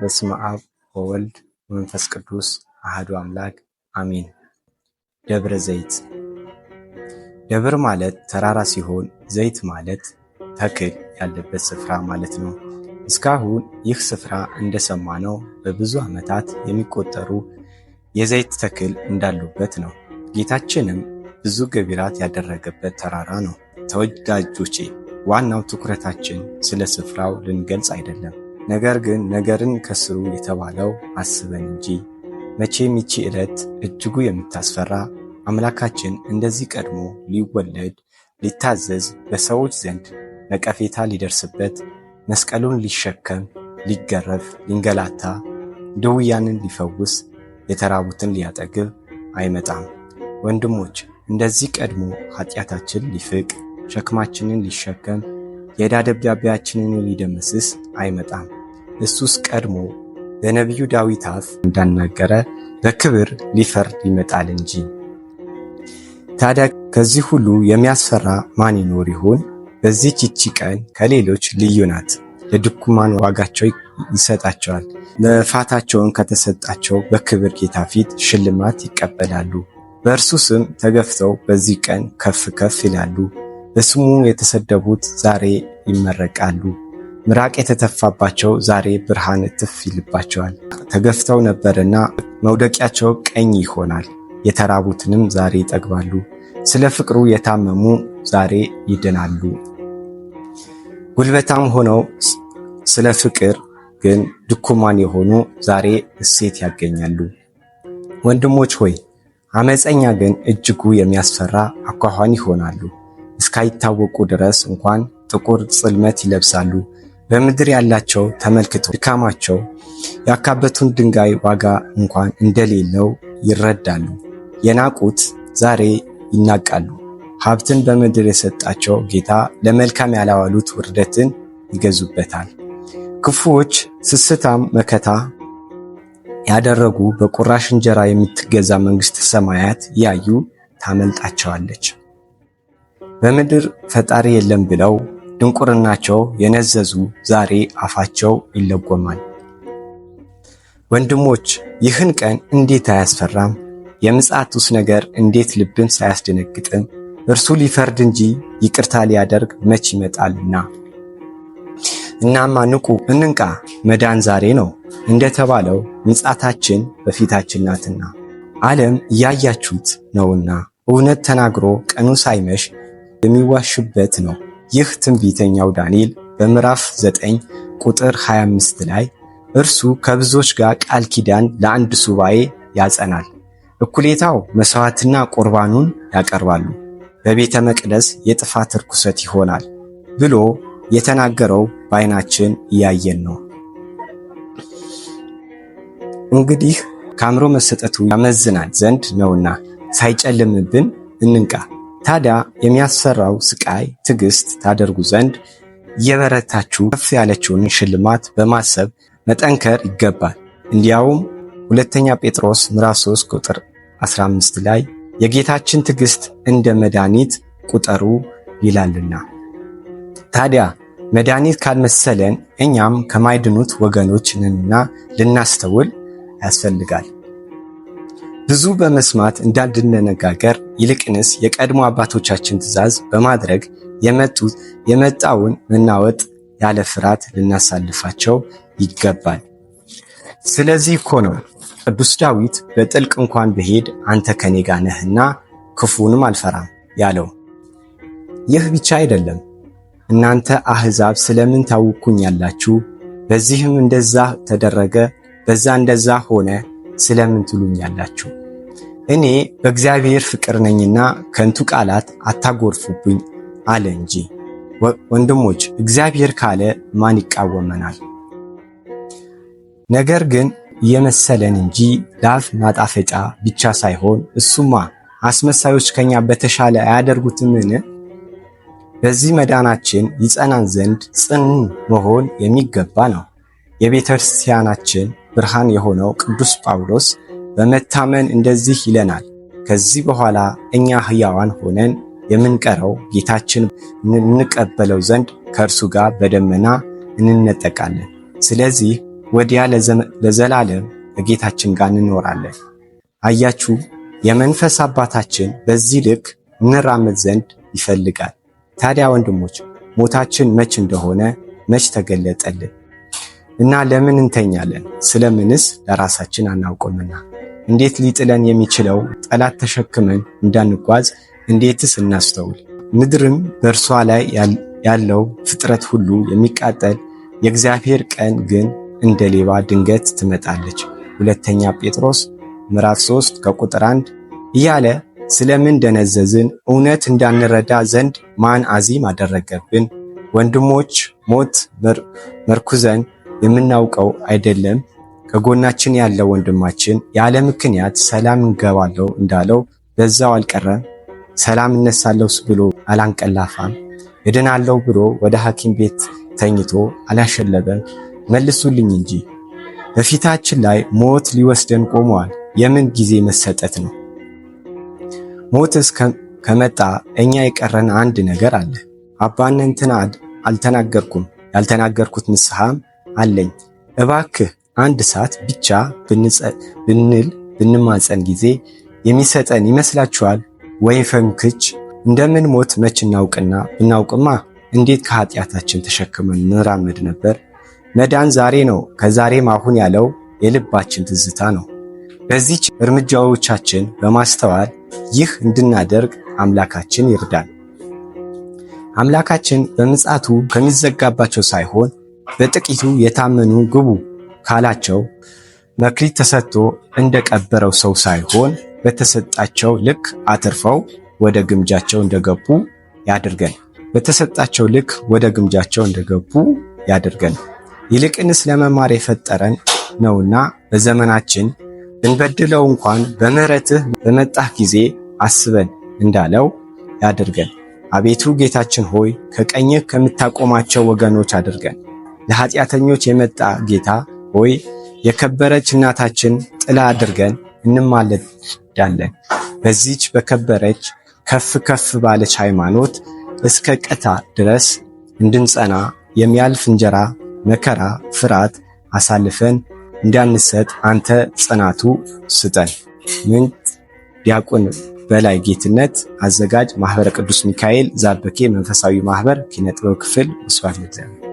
በስመ አብ ወወልድ ወመንፈስ ቅዱስ አህዱ አምላክ አሚን ደብረ ዘይት ደብር ማለት ተራራ ሲሆን ዘይት ማለት ተክል ያለበት ስፍራ ማለት ነው። እስካሁን ይህ ስፍራ እንደሰማነው በብዙ ዓመታት የሚቆጠሩ የዘይት ተክል እንዳሉበት ነው። ጌታችንም ብዙ ገቢራት ያደረገበት ተራራ ነው። ተወዳጆቼ፣ ዋናው ትኩረታችን ስለ ስፍራው ልንገልጽ አይደለም ነገር ግን ነገርን ከስሩ የተባለው አስበን እንጂ መቼም ይቺ ዕለት እጅጉ የምታስፈራ አምላካችን እንደዚህ ቀድሞ ሊወለድ ሊታዘዝ በሰዎች ዘንድ ነቀፌታ ሊደርስበት መስቀሉን ሊሸከም ሊገረፍ ሊንገላታ ድውያንን ሊፈውስ የተራቡትን ሊያጠግብ አይመጣም። ወንድሞች እንደዚህ ቀድሞ ኃጢአታችን ሊፍቅ ሸክማችንን ሊሸከም የዕዳ ደብዳቤያችንን ሊደመስስ አይመጣም። እሱስ ቀድሞ በነቢዩ ዳዊት አፍ እንዳናገረ በክብር ሊፈርድ ይመጣል እንጂ። ታዲያ ከዚህ ሁሉ የሚያስፈራ ማን ይኖር ይሆን? በዚህች ይቺ ቀን ከሌሎች ልዩ ናት። ለድኩማን ዋጋቸው ይሰጣቸዋል። መፋታቸውን ከተሰጣቸው በክብር ጌታ ፊት ሽልማት ይቀበላሉ። በእርሱ ስም ተገፍተው በዚህ ቀን ከፍ ከፍ ይላሉ። በስሙ የተሰደቡት ዛሬ ይመረቃሉ። ምራቅ የተተፋባቸው ዛሬ ብርሃን እትፍ ይልባቸዋል። ተገፍተው ነበርና መውደቂያቸው ቀኝ ይሆናል። የተራቡትንም ዛሬ ይጠግባሉ። ስለ ፍቅሩ የታመሙ ዛሬ ይድናሉ። ጉልበታም ሆነው ስለ ፍቅር ግን ድኩማን የሆኑ ዛሬ እሴት ያገኛሉ። ወንድሞች ሆይ፣ አመፀኛ ግን እጅጉ የሚያስፈራ አኳኋን ይሆናሉ። እስካይታወቁ ድረስ እንኳን ጥቁር ጽልመት ይለብሳሉ። በምድር ያላቸው ተመልክቶ ድካማቸው ያካበቱን ድንጋይ ዋጋ እንኳን እንደሌለው ይረዳሉ። የናቁት ዛሬ ይናቃሉ። ሀብትን በምድር የሰጣቸው ጌታ ለመልካም ያላዋሉት ውርደትን ይገዙበታል። ክፉዎች ስስታም መከታ ያደረጉ በቁራሽ እንጀራ የምትገዛ መንግሥተ ሰማያት ያዩ ታመልጣቸዋለች። በምድር ፈጣሪ የለም ብለው ድንቁርናቸው የነዘዙ ዛሬ አፋቸው ይለጎማል። ወንድሞች ይህን ቀን እንዴት አያስፈራም? የምጽአቱስ ነገር እንዴት ልብን ሳያስደነግጥም? እርሱ ሊፈርድ እንጂ ይቅርታ ሊያደርግ መች ይመጣልና። እናማ ንቁ፣ እንንቃ፣ መዳን ዛሬ ነው እንደተባለው ምጽአታችን በፊታችን ናትና ዓለም እያያችሁት ነውና እውነት ተናግሮ ቀኑ ሳይመሽ የሚዋሽበት ነው። ይህ ትንቢተኛው ዳንኤል በምዕራፍ 9 ቁጥር 25 ላይ እርሱ ከብዙዎች ጋር ቃል ኪዳን ለአንድ ሱባኤ ያጸናል፣ እኩሌታው መሥዋዕትና ቁርባኑን ያቀርባሉ፣ በቤተ መቅደስ የጥፋት ርኩሰት ይሆናል ብሎ የተናገረው በዓይናችን እያየን ነው። እንግዲህ ከአእምሮ መሰጠቱ ያመዝናል ዘንድ ነውና ሳይጨልምብን እንንቃ። ታዲያ የሚያሰራው ስቃይ ትዕግስት ታደርጉ ዘንድ እየበረታችሁ ከፍ ያለችውን ሽልማት በማሰብ መጠንከር ይገባል። እንዲያውም ሁለተኛ ጴጥሮስ ምዕራፍ 3 ቁጥር 15 ላይ የጌታችን ትዕግስት እንደ መድኃኒት ቁጠሩ ይላልና። ታዲያ መድኃኒት ካልመሰለን እኛም ከማይድኑት ወገኖች ነንና ልናስተውል ያስፈልጋል። ብዙ በመስማት እንዳልድነነጋገር ይልቅንስ የቀድሞ አባቶቻችን ትእዛዝ በማድረግ የመጡት የመጣውን መናወጥ ያለ ፍርሃት ልናሳልፋቸው ይገባል። ስለዚህ እኮ ነው ቅዱስ ዳዊት በጥልቅ እንኳን ብሄድ አንተ ከኔ ጋር ነህና ክፉንም አልፈራም ያለው። ይህ ብቻ አይደለም። እናንተ አሕዛብ ስለምን ታውኩኛላችሁ? በዚህም እንደዛ ተደረገ፣ በዛ እንደዛ ሆነ ስለምን ትሉኛላችሁ? እኔ በእግዚአብሔር ፍቅር ነኝና ከንቱ ቃላት አታጎርፉብኝ አለ እንጂ። ወንድሞች እግዚአብሔር ካለ ማን ይቃወመናል? ነገር ግን እየመሰለን እንጂ ለአፍ ማጣፈጫ ብቻ ሳይሆን እሱማ አስመሳዮች ከኛ በተሻለ አያደርጉትምን? በዚህ መዳናችን ይጸናን ዘንድ ጽኑ መሆን የሚገባ ነው። የቤተ ክርስቲያናችን ብርሃን የሆነው ቅዱስ ጳውሎስ በመታመን እንደዚህ ይለናል። ከዚህ በኋላ እኛ ሕያዋን ሆነን የምንቀረው ጌታችን እንቀበለው ዘንድ ከእርሱ ጋር በደመና እንነጠቃለን። ስለዚህ ወዲያ ለዘላለም ከጌታችን ጋር እንኖራለን። አያችሁ፣ የመንፈስ አባታችን በዚህ ልክ እንራመድ ዘንድ ይፈልጋል። ታዲያ ወንድሞች ሞታችን መች እንደሆነ መች ተገለጠልን እና ለምን እንተኛለን? ስለምንስ ለራሳችን አናውቅምና እንዴት ሊጥለን የሚችለው ጠላት ተሸክመን እንዳንጓዝ እንዴትስ እናስተውል። ምድርም በእርሷ ላይ ያለው ፍጥረት ሁሉ የሚቃጠል የእግዚአብሔር ቀን ግን እንደ ሌባ ድንገት ትመጣለች። ሁለተኛ ጴጥሮስ ምዕራፍ 3 ከቁጥር 1 እያለ ስለምን ደነዘዝን እውነት እንዳንረዳ ዘንድ ማን አዚም አደረገብን? ወንድሞች ሞት መርኩዘን የምናውቀው አይደለም ከጎናችን ያለው ወንድማችን ያለ ምክንያት ሰላም እንገባለው እንዳለው በዛው አልቀረም። ሰላም እነሳለው ብሎ አላንቀላፋም። እድናለሁ ብሎ ወደ ሐኪም ቤት ተኝቶ አላሸለበም። መልሱልኝ እንጂ በፊታችን ላይ ሞት ሊወስደን ቆመዋል። የምን ጊዜ መሰጠት ነው? ሞትስ ከመጣ እኛ የቀረን አንድ ነገር አለ። አባነንትን አልተናገርኩም፣ ያልተናገርኩት ንስሐም አለኝ። እባክህ አንድ ሰዓት ብቻ ብንል ብንማፀን ጊዜ የሚሰጠን ይመስላችኋል? ወይ ፈንክች እንደምን ሞት መች እናውቅና ብናውቅማ እንዴት ከኃጢአታችን ተሸክመን እንራመድ ነበር። መዳን ዛሬ ነው፣ ከዛሬም አሁን ያለው የልባችን ትዝታ ነው። በዚች እርምጃዎቻችን በማስተዋል ይህ እንድናደርግ አምላካችን ይርዳል። አምላካችን በምጻቱ ከሚዘጋባቸው ሳይሆን በጥቂቱ የታመኑ ግቡ ካላቸው መክሊት ተሰጥቶ እንደቀበረው ሰው ሳይሆን በተሰጣቸው ልክ አትርፈው ወደ ግምጃቸው እንደገቡ ያድርገን። በተሰጣቸው ልክ ወደ ግምጃቸው እንደገቡ ያድርገን። ይልቅንስ ለመማር የፈጠረን ነውና በዘመናችን ብንበድለው እንኳን በምሕረትህ በመጣህ ጊዜ አስበን እንዳለው ያድርገን። አቤቱ ጌታችን ሆይ ከቀኝህ ከምታቆማቸው ወገኖች አድርገን። ለኃጢአተኞች የመጣ ጌታ ሆይ የከበረች እናታችን ጥላ አድርገን እንማለዳለን። በዚች በከበረች ከፍ ከፍ ባለች ሃይማኖት እስከ ቀታ ድረስ እንድንጸና የሚያልፍ እንጀራ መከራ፣ ፍርሃት አሳልፈን እንዳንሰጥ አንተ ጽናቱ ስጠን። ምንት ዲያቆን በላይ ጌትነት፣ አዘጋጅ ማህበረ ቅዱስ ሚካኤል ዛበኬ መንፈሳዊ ማህበር ኪነጥበብ ክፍል። ስብሐት ለእግዚአብሔር።